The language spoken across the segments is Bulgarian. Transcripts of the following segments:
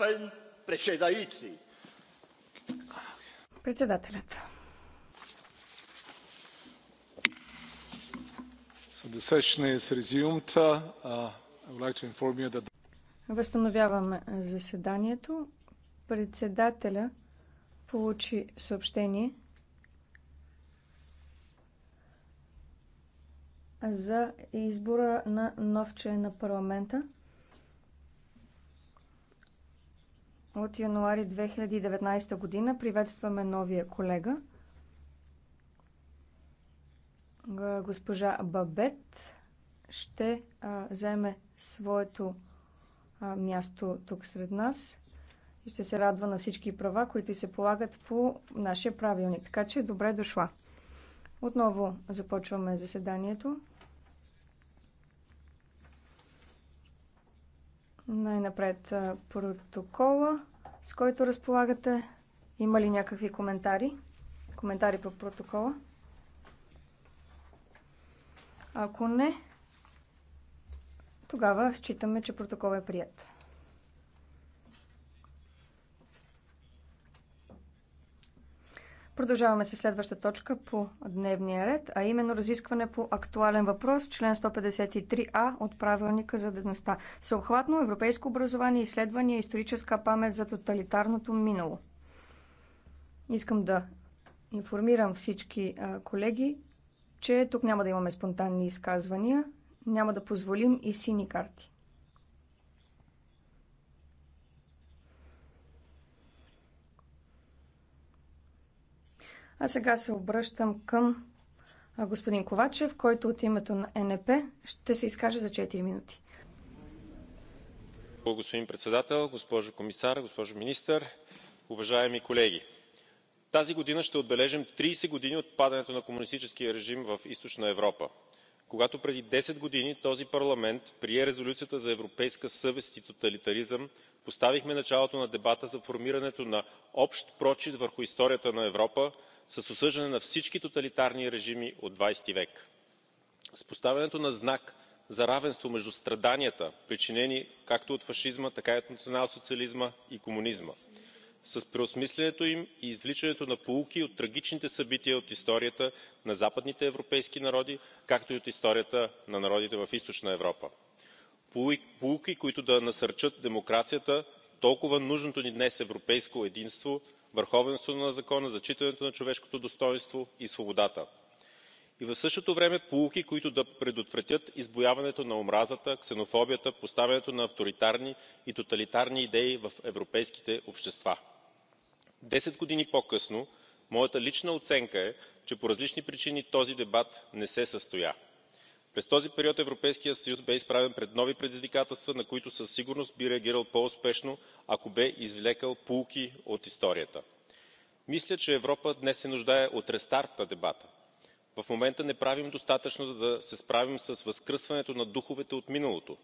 Пен председající. Председателят. Възстановяваме заседанието. Председателя получи съобщение за избора на нов член на парламента. от януари 2019 година. Приветстваме новия колега. Госпожа Бабет ще а, заеме своето а, място тук сред нас и ще се радва на всички права, които се полагат по нашия правилник. Така че добре дошла. Отново започваме заседанието. Най-напред протокола с който разполагате? Има ли някакви коментари? Коментари по протокола? Ако не, тогава считаме, че протокол е прият. Продължаваме с следваща точка по дневния ред, а именно разискване по актуален въпрос, член 153а от правилника за дедността. Съобхватно европейско образование, изследвания и историческа памет за тоталитарното минало. Искам да информирам всички колеги, че тук няма да имаме спонтанни изказвания, няма да позволим и сини карти. А сега се обръщам към господин Ковачев, който от името на НП ще се изкаже за 4 минути. Господин председател, госпожо комисар, госпожо министър, уважаеми колеги! Тази година ще отбележим 30 години от падането на комунистическия режим в Източна Европа. Когато преди 10 години този парламент прие резолюцията за европейска съвест и тоталитаризъм, поставихме началото на дебата за формирането на общ прочит върху историята на европа с осъждане на всички тоталитарни режими от xx век. с поставянето на знак за равенство между страданията причинени както от фашизма така и от националсоциализма и комунизма с преосмислянето им и извличането на поуки от трагичните събития от историята на западните европейски народи както и от историята на народите в източна европа поуки които да насърчат демокрацията толкова нужното ни днес европейско единство върховенството на закона зачитането на човешкото достойнство и свободата и в същото време поуки които да предотвратят избуяването на омразата ксенофобията поставянето на авторитарни и тоталитарни идеи в европейските общества. десет години по късно моята лична оценка е че по различни причини този дебат не се състоя през този период европейският съюз бе изправен пред нови предизвикателства на които със сигурност би реагирал по успешно ако бе извлекъл поуки от историята. мисля че европа днес се нуждае от рестарт на дебата. в момента не правим достатъчно за да се справим с възкръсването на духовете от миналото.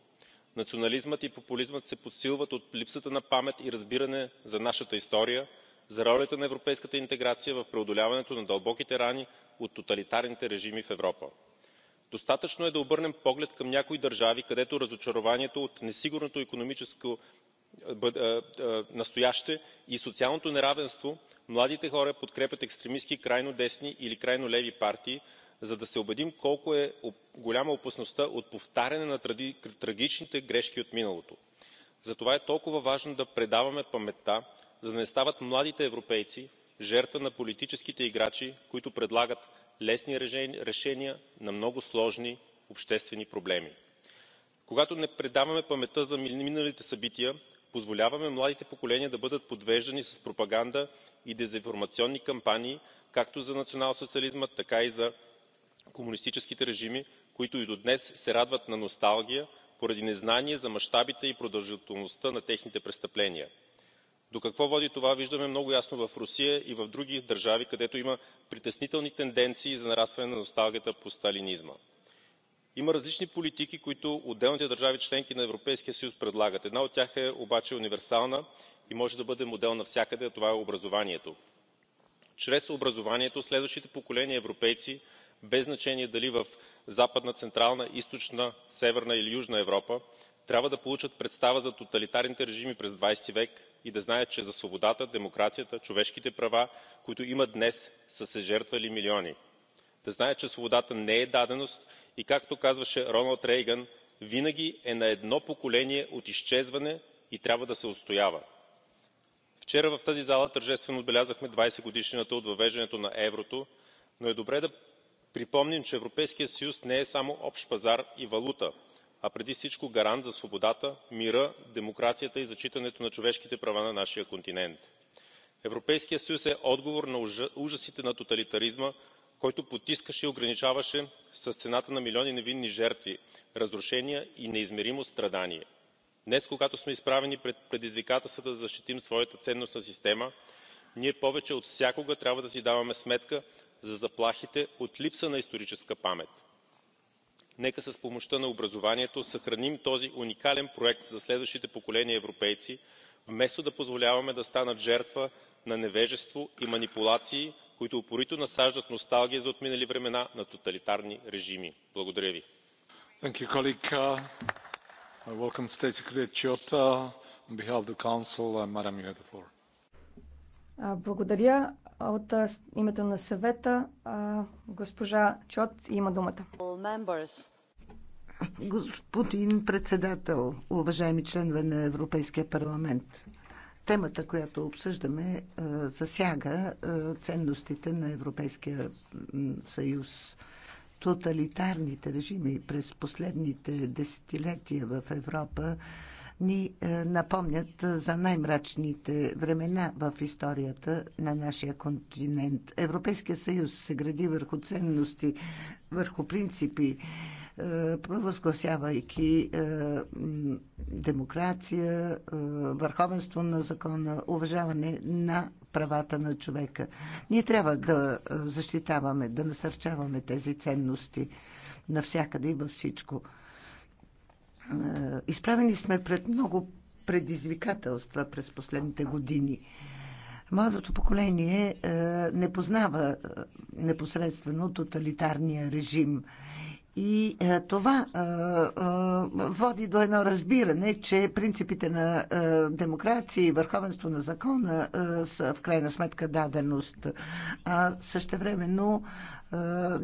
национализмът и популизмът се подсилват от липсата на памет и разбиране за нашата история за ролята на европейската интеграция в преодоляването на дълбоките рани от тоталитарните режими в европа достатъчно е да обърнем поглед към някои държави където разочарованието от несигурното икономическо е, е, е, настояще и социалното неравенство младите хора подкрепят екстремистки крайно десни или крайно леви партии за да се убедим колко е голяма опасността от повтаряне на трагичните грешки от миналото. затова е толкова важно да предаваме паметта за да не стават младите европейци жертва на политическите играчи които предлагат лесни решения на много сложни обществени проблеми. когато не предаваме паметта за миналите събития позволяваме младите поколения да бъдат подвеждани с пропаганда и дезинформационни кампании както за националсоциализма така и за комунистическите режими които и до днес се радват на носталгия поради незнание за мащабите и продължителността на техните престъпления до какво води това виждаме много ясно в русия и в други държави където има притеснителни тенденции за нарастване на носталгията по сталинизма. има различни политики които отделните държави членки на европейския съюз предлагат. една от тях е обаче универсална и може да бъде модел навсякъде а това е образованието. чрез образованието следващите поколения европейци без значение дали в западна централна източна северна или южна европа трябва да получат представа за тоталитарните режими през двадесети век и да знаят че за свободата демокрацията човешките права които имат днес са се жертвали милиони. да знаят че свободата не е даденост и както казваше роналд рейгън винаги е на едно поколение от изчезване и трябва да се отстоява. вчера в тази зала тържествено отбелязахме 20-годишнината от въвеждането на еврото но е добре да припомним че европейският съюз не е само общ пазар и валута а преди всичко гарант за свободата мира демокрацията и зачитането на човешките права на нашия континент. европейският съюз е отговор на ужасите на тоталитаризма който потискаше и ограничаваше с цената на милиони невинни жертви разрушения и неизмеримо страдание. днес когато сме изправени пред предизвикателствата да защитим своята ценностна система ние повече от всякога трябва да си даваме сметка за заплахите от липса на историческа памет нека с помощта на образованието съхраним този уникален проект за следващите поколения европейци вместо да позволяваме да станат жертва на невежество и манипулации които упорито насаждат носталгия за отминали времена на тоталитарни режими. благодаря ви. Благодаря. От името на съвета госпожа Чот има думата. Господин председател, уважаеми членове на Европейския парламент, темата, която обсъждаме, засяга ценностите на Европейския съюз. Тоталитарните режими през последните десетилетия в Европа ни е, напомнят за най-мрачните времена в историята на нашия континент. Европейския съюз се гради върху ценности, върху принципи, е, провъзгласявайки е, демокрация, върховенство на закона, уважаване на правата на човека. Ние трябва да защитаваме, да насърчаваме тези ценности навсякъде и във всичко. Е, изправени сме пред много предизвикателства през последните години. Младото поколение е, не познава е, непосредствено тоталитарния режим. И е, това е, е, води до едно разбиране, че принципите на е, демокрация и върховенство на закона е, са в крайна сметка даденост. А също времено.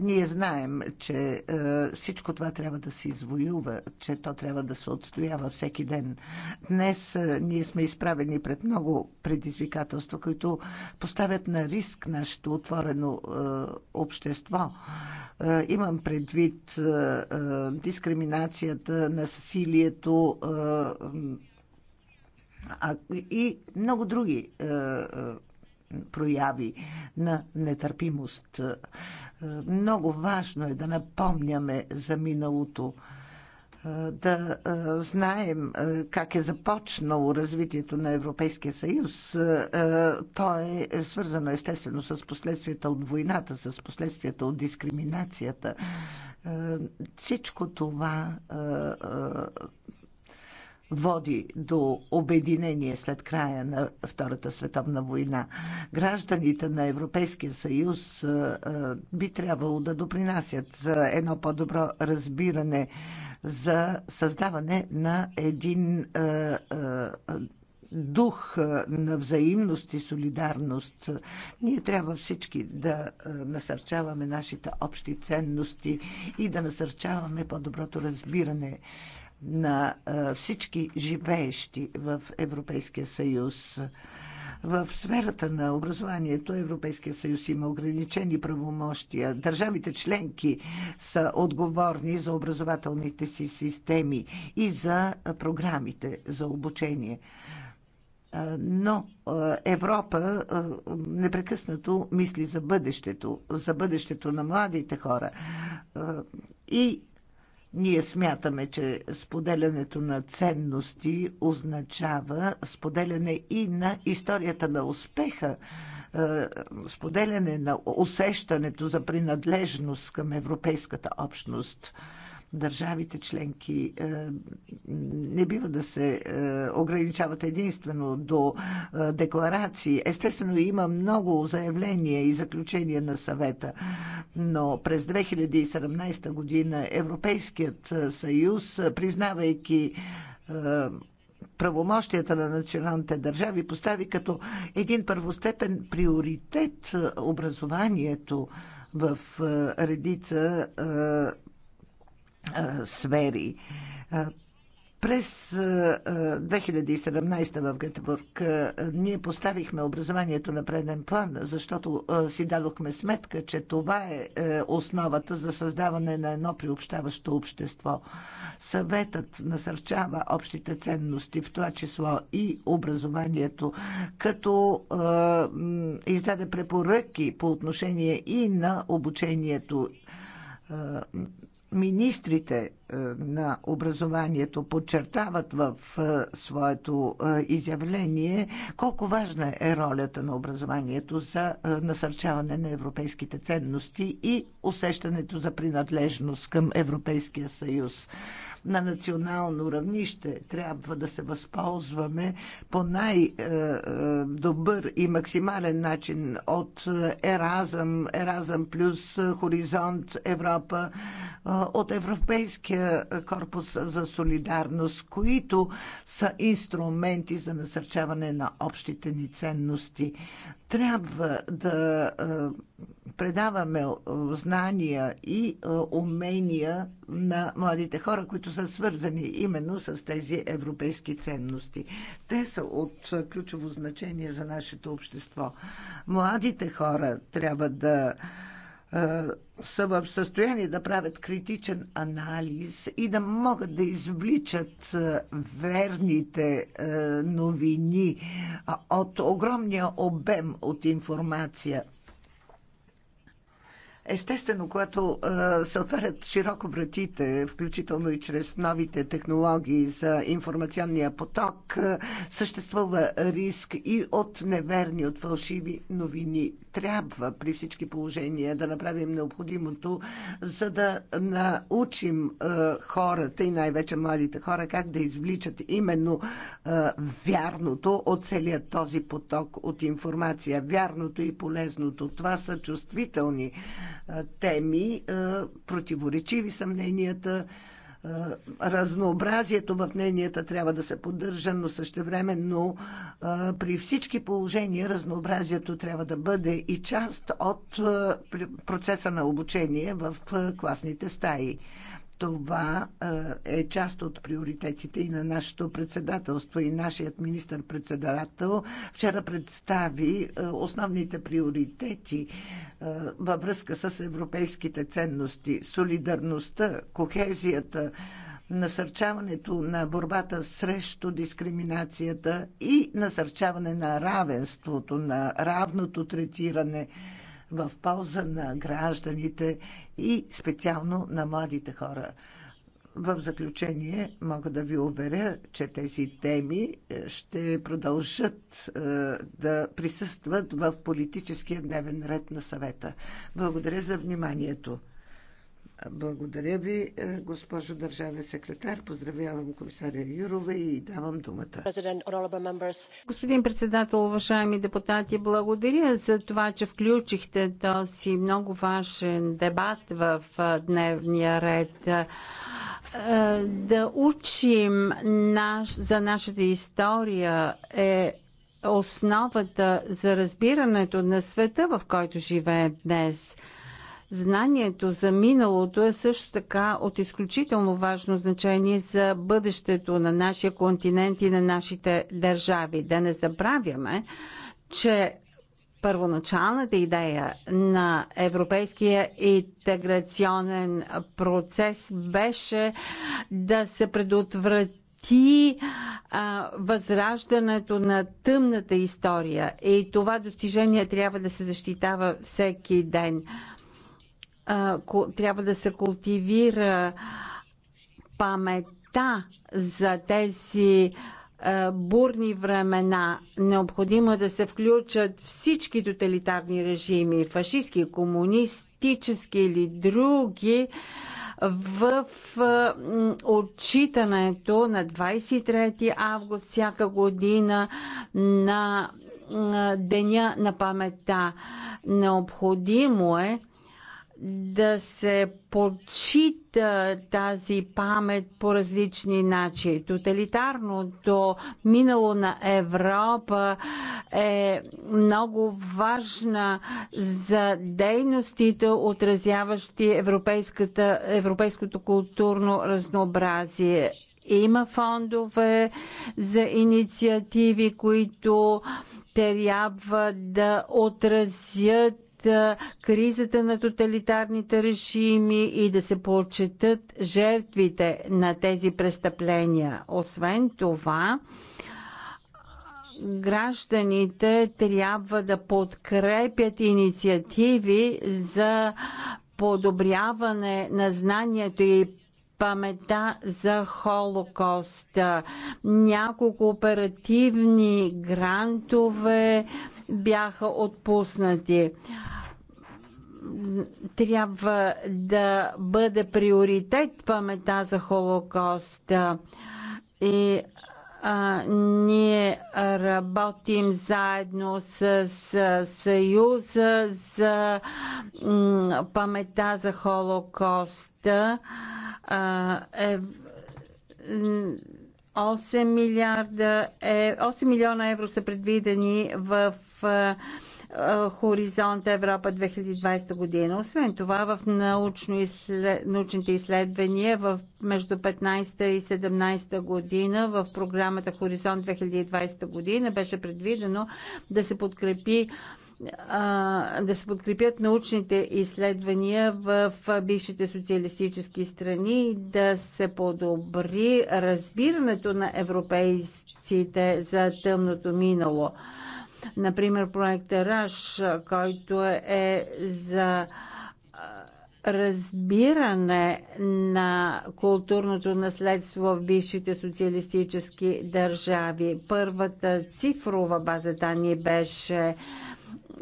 Ние знаем, че всичко това трябва да се извоюва, че то трябва да се отстоява всеки ден. Днес ние сме изправени пред много предизвикателства, които поставят на риск нашето отворено общество. Имам предвид дискриминацията, насилието, и много други прояви на нетърпимост. Е, много важно е да напомняме за миналото, е, да е, знаем как е започнало развитието на Европейския съюз. То е свързано естествено с последствията от войната, с последствията от дискриминацията. Всичко това води до обединение след края на Втората световна война. Гражданите на Европейския съюз е, е, би трябвало да допринасят за едно по-добро разбиране за създаване на един е, дух на взаимност и солидарност. Ние трябва всички да насърчаваме нашите общи ценности и да насърчаваме по-доброто разбиране на всички живеещи в Европейския съюз. В сферата на образованието Европейския съюз има ограничени правомощия. Държавите членки са отговорни за образователните си системи и за програмите за обучение. Но Европа непрекъснато мисли за бъдещето, за бъдещето на младите хора. И ние смятаме, че споделянето на ценности означава споделяне и на историята на успеха, е, споделяне на усещането за принадлежност към Европейската общност – държавите членки е, не бива да се е, ограничават единствено до е, декларации. Естествено, има много заявления и заключения на съвета, но през 2017 година Европейският съюз, признавайки правомощията на националните държави постави като един първостепен приоритет образованието в редица сфери. През 2017 в Гетебург ние поставихме образованието на преден план, защото си дадохме сметка, че това е, е основата за създаване на едно приобщаващо общество. Съветът насърчава общите ценности, в това число и образованието, като издаде препоръки по отношение и на обучението министрите е, на образованието подчертават в е, своето е, изявление колко важна е ролята на образованието за насърчаване на европейските ценности и усещането за принадлежност към Европейския съюз на национално равнище трябва да се възползваме по най-добър и максимален начин от Еразъм, Еразъм плюс Хоризонт Европа, от Европейския Корпуса корпус за солидарност, които са инструменти за насърчаване на общите ни ценности. Трябва да е, предаваме е, знания и е, умения на младите хора, които са свързани именно с тези европейски ценности. Те са от ключово значение за нашето общество. Младите хора трябва да са в състояние да правят критичен анализ и да могат да извличат е, верните е, новини е, от огромния обем от информация. Естествено, когато се отварят широко вратите, включително и чрез новите технологии за информационния поток, съществува риск и от неверни, от фалшиви новини трябва при всички положения да направим необходимото, за да научим е, хората и най-вече младите хора как да извличат именно е, вярното от целият този поток от информация. Вярното и полезното. Това са чувствителни е, теми, противоречиви съмненията е, разнообразието в мненията трябва да се поддържа, но същевременно е, при всички положения разнообразието трябва да бъде и част от е, процеса на обучение в класните стаи. Това е част от приоритетите и на нашето председателство. И нашият министр-председател вчера представи основните приоритети във връзка с европейските ценности, солидарността, кохезията, насърчаването на борбата срещу дискриминацията и насърчаване на равенството, на равното третиране в полза на гражданите и специално на младите хора. В заключение мога да ви уверя, че тези теми е, ще продължат е, да присъстват в политическия дневен ред на съвета. Благодаря за вниманието. Благодаря ви, е, госпожо държавен секретар. Поздравявам комисаря Юрова и давам думата. Господин председател, уважаеми депутати, благодаря за това, че включихте този много важен дебат в е, дневния ред. Е, да учим наш, за нашата история е основата за разбирането на света, в който живеем днес – Знанието за миналото е също така от изключително важно значение за бъдещето на нашия континент и на нашите държави. Да не забравяме, че първоначалната идея на европейския интеграционен процес беше да се предотврати ти а, възраждането на тъмната история. И това достижение трябва да се защитава всеки ден трябва да се култивира паметта за тези бурни времена. Необходимо е да се включат всички тоталитарни режими, фашистски, комунистически или други, в отчитането на 23 август всяка година на Деня на паметта. Необходимо е да се почита тази памет по различни начини. Тоталитарното минало на Европа е много важна за дейностите, отразяващи европейското културно разнообразие. Има фондове за инициативи, които трябва да отразят кризата на тоталитарните режими и да се почетат жертвите на тези престъпления. Освен това, гражданите трябва да подкрепят инициативи за подобряване на знанието и памета за Холокоста. Няколко оперативни грантове бяха отпуснати трябва да бъде приоритет памета за Холокоста. И а, ние работим заедно с, с Съюза за памета за Холокоста е 8 милиарда, 8 е, милиона евро са предвидени в Хоризонт Европа 2020 година. Освен това, в научно изслед... научните изследвания в между 15 и 17 година в програмата Хоризонт 2020 година беше предвидено да се подкрепи да се подкрепят научните изследвания в бившите социалистически страни, да се подобри разбирането на европейците за тъмното минало. Например, проект РАШ, който е за разбиране на културното наследство в бившите социалистически държави. Първата цифрова база данни беше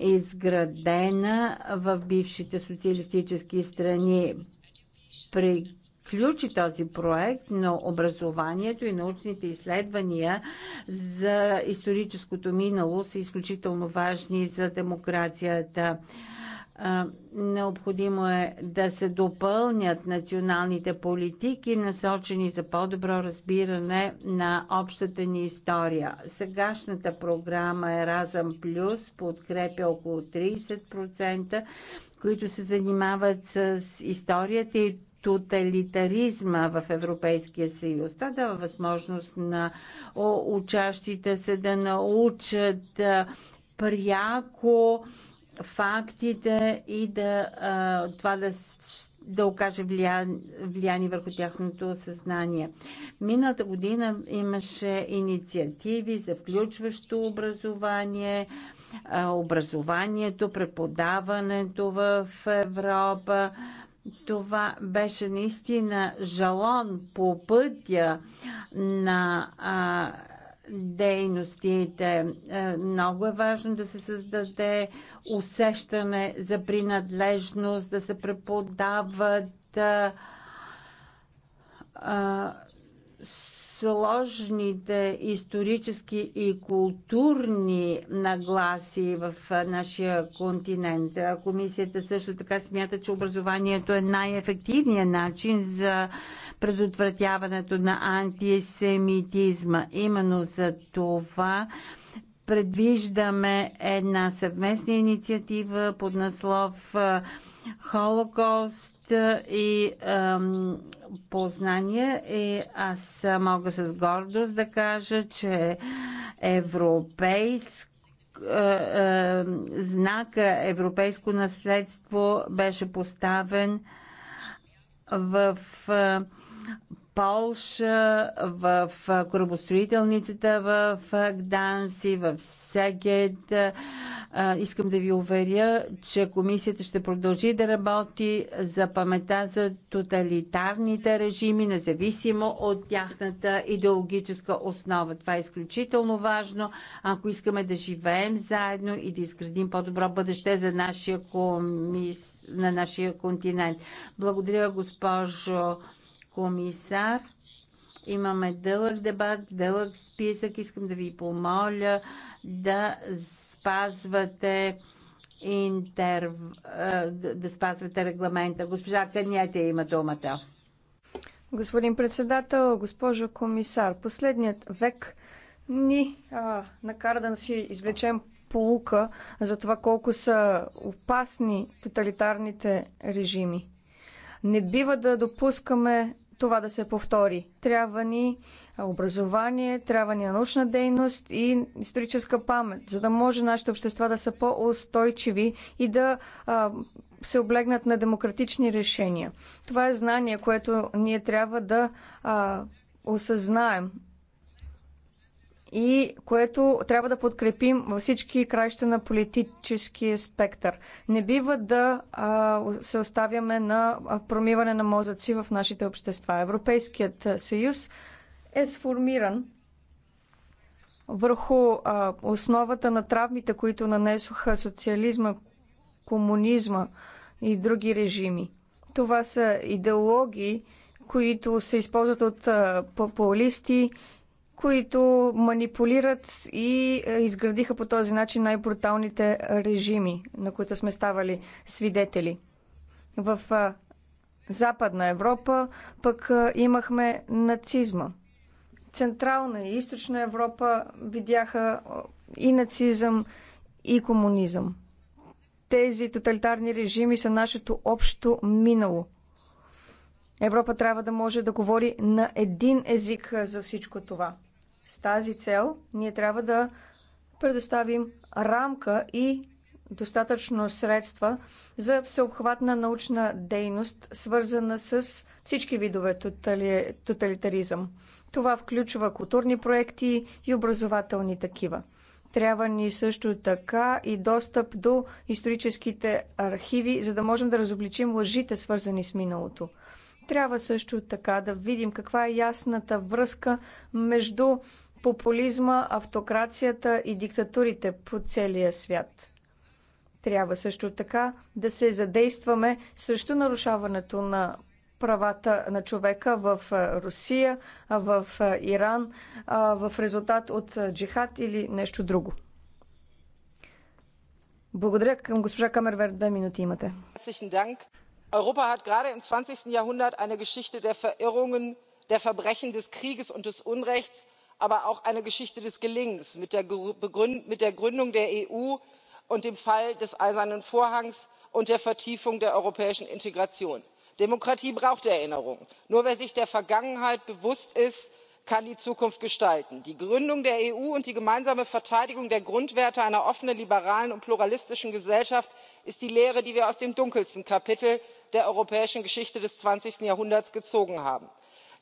изградена в бившите социалистически страни. приключи този проект, но образованието и научните изследвания за историческото минало са изключително важни за демокрацията. Необходимо е да се допълнят националните политики, насочени за по-добро разбиране на общата ни история. Сегашната програма Еразъм Плюс подкрепя около 30%, които се занимават с историята и тоталитаризма в Европейския съюз. Това дава възможност на учащите се да научат пряко фактите и да, а, това да да окаже влияние, влияние върху тяхното съзнание. Миналата година имаше инициативи за включващо образование, образованието, преподаването в Европа. Това беше наистина жалон по пътя на дейностите. Е, много е важно да се създаде усещане за принадлежност, да се преподават е, е, сложните исторически и културни нагласи в нашия континент. Комисията също така смята, че образованието е най-ефективният начин за предотвратяването на антисемитизма. Именно за това предвиждаме една съвместна инициатива под наслов Холокост и ам, познание. И аз мога с гордост да кажа, че европейск знака европейско наследство беше поставен в Полша, в корабостроителницата в Гданси, в Сегет. Искам да ви уверя, че комисията ще продължи да работи за памета за тоталитарните режими, независимо от тяхната идеологическа основа. Това е изключително важно, ако искаме да живеем заедно и да изградим по-добро бъдеще за нашия комис... на нашия континент. Благодаря, госпожо комисар. Имаме дълъг дебат, дълъг списък. Искам да ви помоля да спазвате интер... да спазвате регламента. Госпожа Каняте има думата. Господин председател, госпожо комисар, последният век ни а, накара да си извлечем полука за това колко са опасни тоталитарните режими. Не бива да допускаме това да се повтори. Трябва ни образование, трябва ни научна дейност и историческа памет, за да може нашите общества да са по-устойчиви и да а, се облегнат на демократични решения. Това е знание, което ние трябва да а, осъзнаем и което трябва да подкрепим във всички краища на политическия спектър. Не бива да а, се оставяме на промиване на мозъци в нашите общества. Европейският съюз е сформиран върху а, основата на травмите, които нанесоха социализма, комунизма и други режими. Това са идеологии, които се използват от популисти които манипулират и е, изградиха по този начин най-бруталните режими, на които сме ставали свидетели. В е, Западна Европа пък е, имахме нацизма. Централна и източна Европа видяха и нацизъм, и комунизъм. Тези тоталитарни режими са нашето общо минало. Европа трябва да може да говори на един език за всичко това. С тази цел ние трябва да предоставим рамка и достатъчно средства за всеобхватна научна дейност, свързана с всички видове тотали... тоталитаризъм. Това включва културни проекти и образователни такива. Трябва ни също така и достъп до историческите архиви, за да можем да разобличим лъжите, свързани с миналото. Трябва също така да видим каква е ясната връзка между популизма, автокрацията и диктатурите по целия свят. Трябва също така да се задействаме срещу нарушаването на правата на човека в Русия, в Иран, в резултат от джихад или нещо друго. Благодаря към госпожа Камервер. Две минути имате europa hat gerade im. zwanzig jahrhundert eine geschichte der verirrungen der verbrechen des krieges und des unrechts aber auch eine geschichte des gelingens mit der gründung der eu und dem fall des eisernen vorhangs und der vertiefung der europäischen integration. demokratie braucht erinnerung. nur wer sich der vergangenheit bewusst ist kann die zukunft gestalten. die gründung der eu und die gemeinsame verteidigung der grundwerte einer offenen liberalen und pluralistischen gesellschaft ist die lehre die wir aus dem dunkelsten kapitel der europäischen geschichte des. zwanzig jahrhunderts gezogen haben.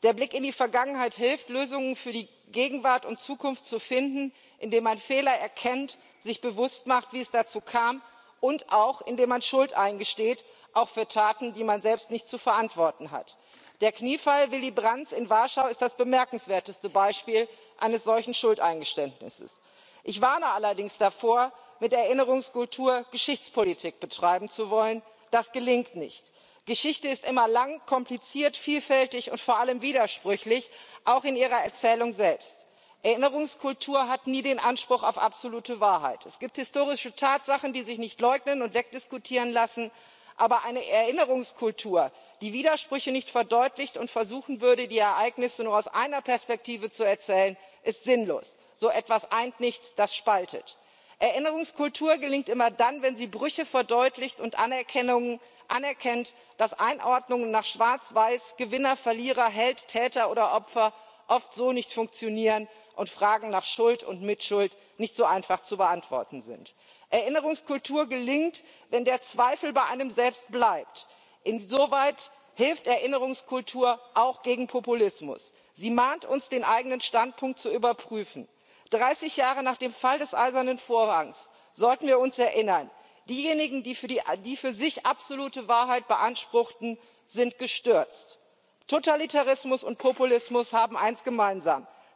der blick in die vergangenheit hilft lösungen für die gegenwart und zukunft zu finden indem man fehler erkennt sich bewusst macht wie es dazu kam und auch indem man schuld eingesteht auch für taten die man selbst nicht zu verantworten hat der kniefall willy brandts in warschau ist das bemerkenswerteste beispiel eines solchen schuldeingeständnisses. ich warne allerdings davor mit erinnerungskultur geschichtspolitik betreiben zu wollen das gelingt nicht. geschichte ist immer lang kompliziert vielfältig und vor allem widersprüchlich auch in ihrer erzählung selbst. erinnerungskultur hat nie den anspruch auf absolute wahrheit. es gibt historische tatsachen die sich nicht leugnen und wegdiskutieren lassen aber eine erinnerungskultur die widersprüche nicht verdeutlicht und versuchen würde die ereignisse nur aus einer perspektive zu erzählen ist sinnlos. so etwas eint nicht das spaltet. erinnerungskultur gelingt immer dann wenn sie brüche verdeutlicht und anerkennt dass einordnungen nach schwarz weiß gewinner verlierer held täter oder opfer oft so nicht funktionieren und fragen nach schuld und mitschuld nicht so einfach zu beantworten sind. erinnerungskultur gelingt wenn der zweifel bei einem selbst bleibt. insoweit hilft erinnerungskultur auch gegen populismus. sie mahnt uns den eigenen standpunkt zu überprüfen. dreißig jahre nach dem fall des eisernen vorhangs sollten wir uns erinnern diejenigen die für sich absolute wahrheit beanspruchten sind gestürzt. totalitarismus und populismus haben eins gemeinsam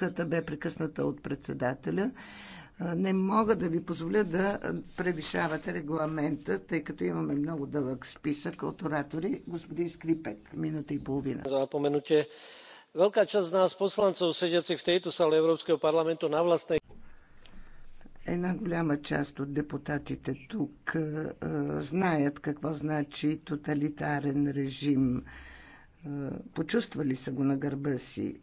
Връзката бе прекъсната от председателя. Не мога да ви позволя да превишавате регламента, тъй като имаме много дълъг списък от оратори. Господин Скрипек, минута и половина. Запоменуте. Veľká časť нас, nás седяци в тейто tejto Европейския парламент, на na една голяма част от депутатите тук е, знаят какво значи тоталитарен режим. Е, почувствали са го на гърба си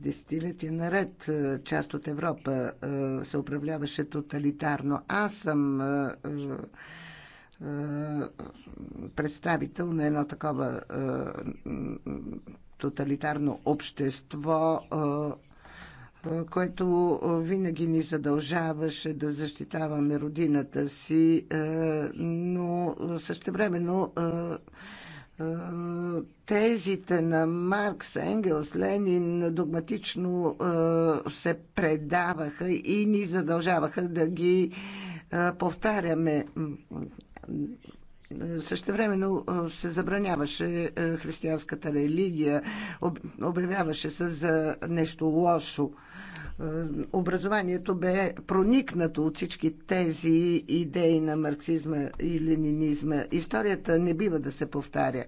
десетилетия наред е, част от Европа е, се управляваше тоталитарно. Аз съм е, представител на едно такова тоталитарно общество, което винаги ни задължаваше да защитаваме родината си, но същевременно времено е, тезите на Маркс, Енгелс, Ленин догматично е, се предаваха и ни задължаваха да ги е, повтаряме. Същевременно се забраняваше християнската религия, обявяваше се за нещо лошо. Е, образованието бе проникнато от всички тези идеи на марксизма и ленинизма. Историята не бива да се повтаря.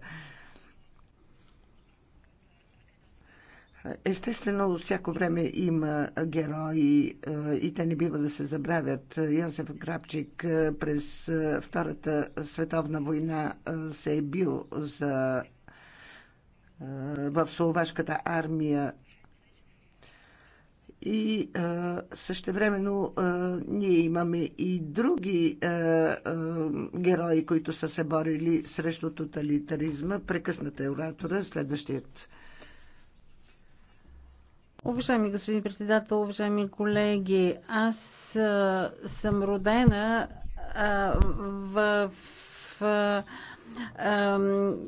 Естествено, всяко време има герои е, и те не бива да се забравят. Йозеф Грабчик е, през Втората световна война се е бил за, в Словашката армия и а, същевременно а, ние имаме и други а, а, герои, които са се борили срещу тоталитаризма. Прекъсната е оратора, следващият. Уважаеми господин председател, уважаеми колеги, аз а, съм родена а, в. в а,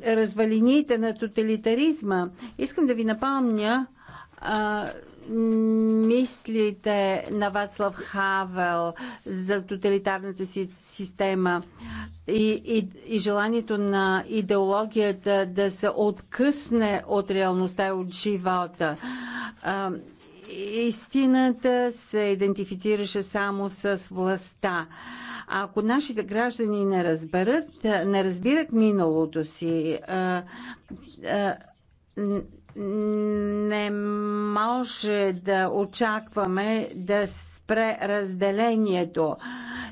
развалините на тоталитаризма. Искам да ви напомня а, мислите на Вацлав Хавел за тоталитарната си система и, и, и желанието на идеологията да се откъсне от реалността и от живота? истината се идентифицираше само с властта. Ако нашите граждани не разберат, не разбират миналото си, не може да очакваме да спре разделението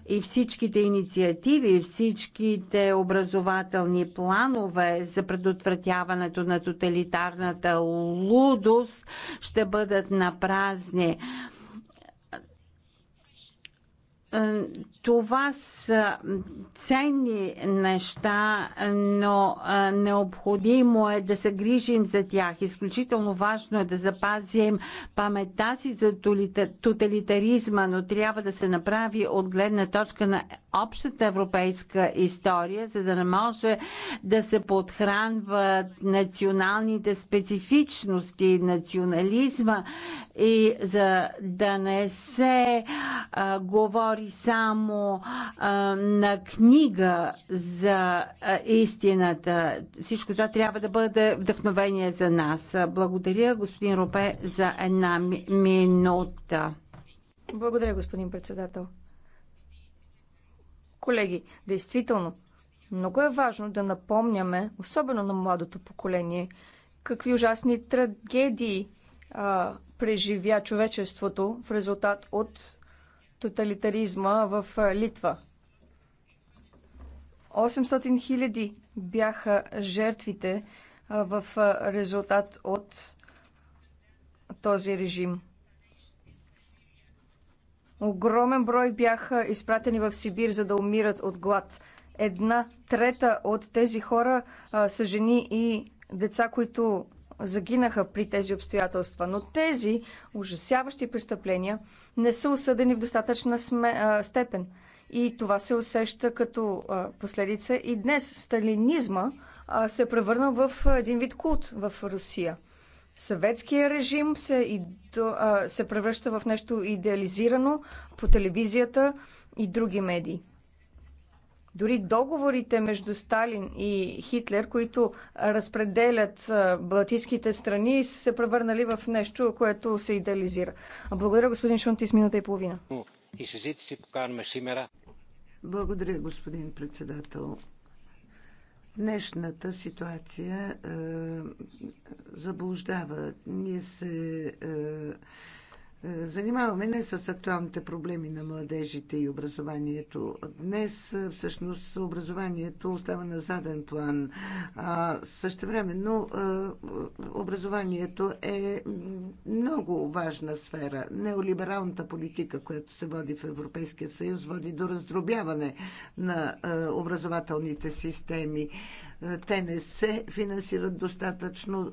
и всичките инициативи, всичките образователни планове за предотвратяването на тоталитарната лудост ще бъдат на празни. Е, това са ценни неща, но е, необходимо е да се грижим за тях. Изключително важно е да запазим паметта си за тоталитаризма, но трябва да се направи от гледна точка на общата европейска история, за да не може да се подхранват националните специфичности, национализма и за да не се а, говори и само а, на книга за а, истината. Всичко това трябва да бъде вдъхновение за нас. Благодаря, господин Рупе за една ми- минута. Благодаря, господин председател. Колеги, действително, много е важно да напомняме, особено на младото поколение, какви ужасни трагедии а, преживя човечеството в резултат от тоталитаризма в Литва. 800 хиляди бяха жертвите в резултат от този режим. Огромен брой бяха изпратени в Сибир, за да умират от глад. Една трета от тези хора а, са жени и деца, които загинаха при тези обстоятелства. Но тези ужасяващи престъпления не са осъдени в достатъчна сме, а, степен. И това се усеща като а, последица. И днес сталинизма а, се превърнал в един вид култ в Русия. Съветския режим се, и, а, се превръща в нещо идеализирано по телевизията и други медии. Дори договорите между Сталин и Хитлер, които разпределят балтийските страни, са се превърнали в нещо, което се идеализира. Благодаря, господин Шунтис, минута и половина. Благодаря, господин председател. Днешната ситуация е, заблуждава. Ние се е, Занимаваме не с актуалните проблеми на младежите и образованието. Днес всъщност образованието остава на заден план. А, същевременно образованието е много важна сфера. Неолибералната политика, която се води в Европейския съюз, води до раздробяване на образователните системи. Е, те не се финансират достатъчно, е,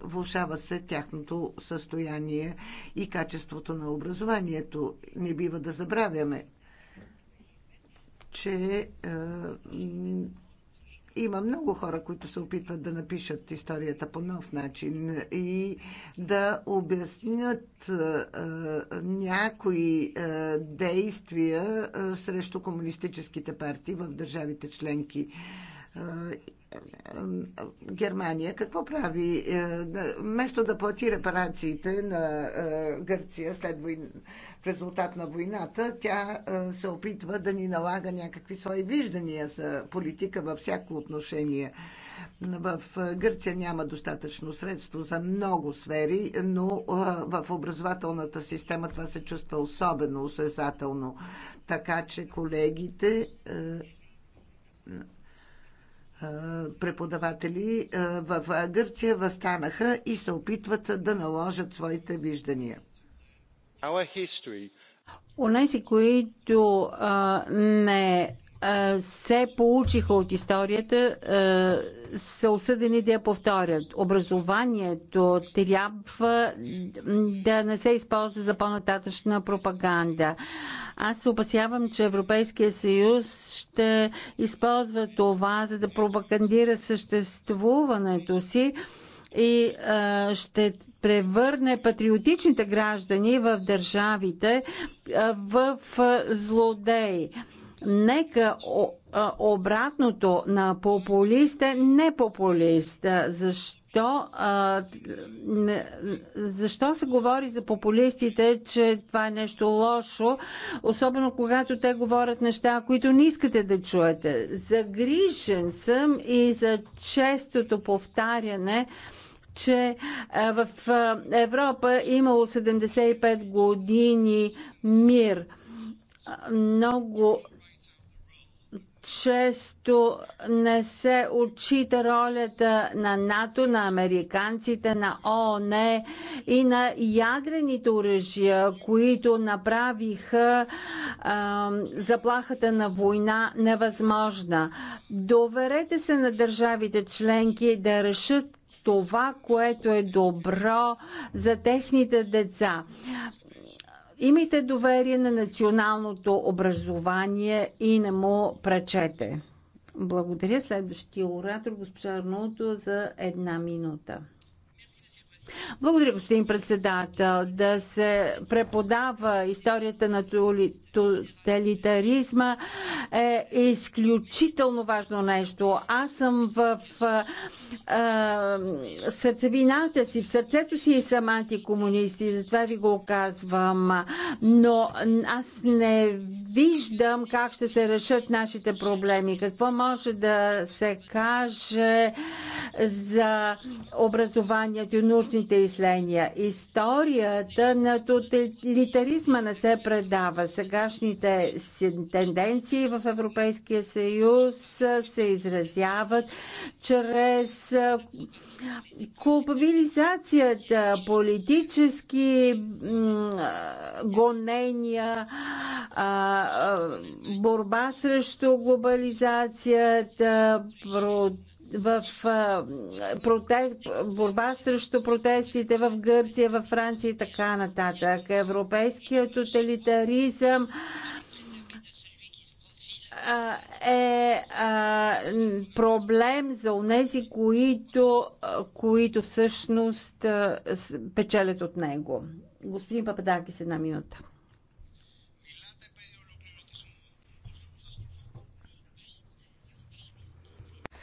влушава се тяхното състояние и качеството на образованието. Не бива да забравяме, че е, има много хора, които се опитват да напишат историята по нов начин и да обяснят някои действия срещу комунистическите партии в държавите членки. Германия какво прави? Е, вместо да плати репарациите на е, Гърция след войн... в резултат на войната, тя е, се опитва да ни налага някакви свои виждания за политика във всяко отношение. В Гърция няма достатъчно средство за много сфери, но в образователната система това се чувства особено осезателно. Така че колегите преподаватели в Гърция възстанаха и се опитват да наложат своите виждания. Онези, които а, не се получиха от историята, са осъдени да я повторят. Образованието трябва да не се използва за по-нататъчна пропаганда. Аз се опасявам, че Европейския съюз ще използва това, за да пропагандира съществуването си и а, ще превърне патриотичните граждани в държавите а, в злодеи. Нека обратното на популист е не популист. Защо, а, защо се говори за популистите, че това е нещо лошо, особено когато те говорят неща, които не искате да чуете? Загрижен съм и за честото повтаряне че в Европа имало 75 години мир. Много често не се отчита ролята на НАТО, на американците, на ООН и на ядрените оръжия, които направиха а, заплахата на война невъзможна. Доверете се на държавите членки да решат това, което е добро за техните деца имайте доверие на националното образование и не му пречете. Благодаря следващия оратор, госпожа Арнолто, за една минута. Благодаря, господин председател. Да се преподава историята на тоталитаризма е изключително важно нещо. Аз съм в а, сърцевината си, в сърцето си и съм антикомунист и затова ви го казвам. Но аз не виждам как ще се решат нашите проблеми. Какво може да се каже за образованието и научните научните изследвания. Историята на тоталитаризма не се предава. Сегашните тенденции в Европейския съюз се изразяват чрез кулпабилизацията, политически гонения, борба срещу глобализацията, против в протест, борба срещу протестите в Гърция, в Франция и така нататък. Европейският тоталитаризъм е проблем за унези, които, които всъщност печелят от него. Господин Пападаки, с една минута.